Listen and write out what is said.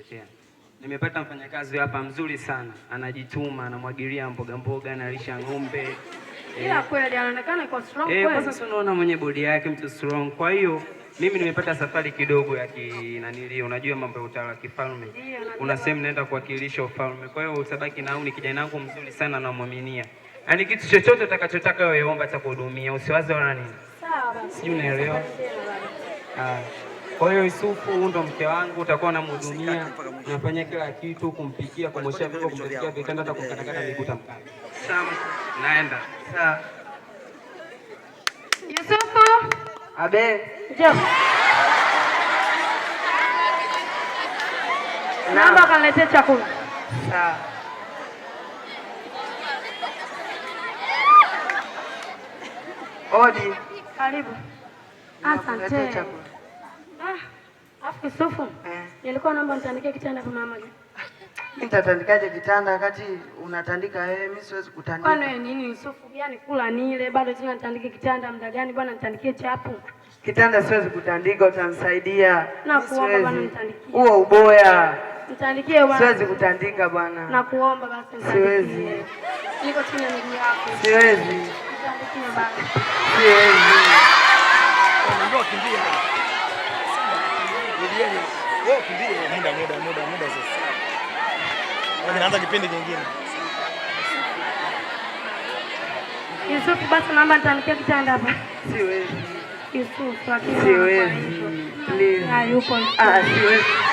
Chekechea. Nimepata mfanyakazi hapa mzuri sana, anajituma, anamwagilia mboga mboga, analisha ng'ombe ila eh. kweli anaonekana kwa strong eh, kweli. Eh, sasa unaona mwenye bodi yake mtu strong. Kwa hiyo mimi nimepata safari kidogo ya kinanili, unajua mambo ya utawala kifalme, kuna sehemu naenda kuwakilisha ufalme. Kwa hiyo utabaki na uni, kijana wangu mzuri sana, namwaminia. Yaani kitu chochote utakachotaka wewe omba, atakuhudumia, usiwaze wala nini. Sawa, sijui unaelewa. Ah. Kwa hiyo Yusufu, huyu ndo mke wangu, utakuwa namhudumia, unafanya kila kitu, kumpikia, kumwoshea vyombo, kumpikia vitanda, hata kumkatakata miguu. Naenda Yusufu, abe, njoo naomba kaniletee chakula. Sawa. Odi, karibu. Asante. Ah, afu Yusufu. Eh. Nilikuwa naomba nitandike kitanda kwa mama. Nitatandikaje kitanda wakati unatandika wewe, eh, mimi siwezi kutandika. Kwani wewe nini Yusufu gani kula nile bado tena nitandike kitanda muda gani bwana nitandikie chapu. Kitanda siwezi kutandika utanisaidia. Nakuomba bwana nitandikie. Huo uboya. Nitandikie bwana. Siwezi kutandika bwana. Nakuomba basi nitandikie. Siwezi. Niko chini ya miguu yako. Siwezi. Nitandikie bwana. Siwezi. Ndio kimbia muda muda muda muda sasa. Naanza kipindi kingine. Yusufu basi naomba nitanikia kitanda hapa. Siwezi. Yusufu, Please. Ah, yuko. Ah, siwezi.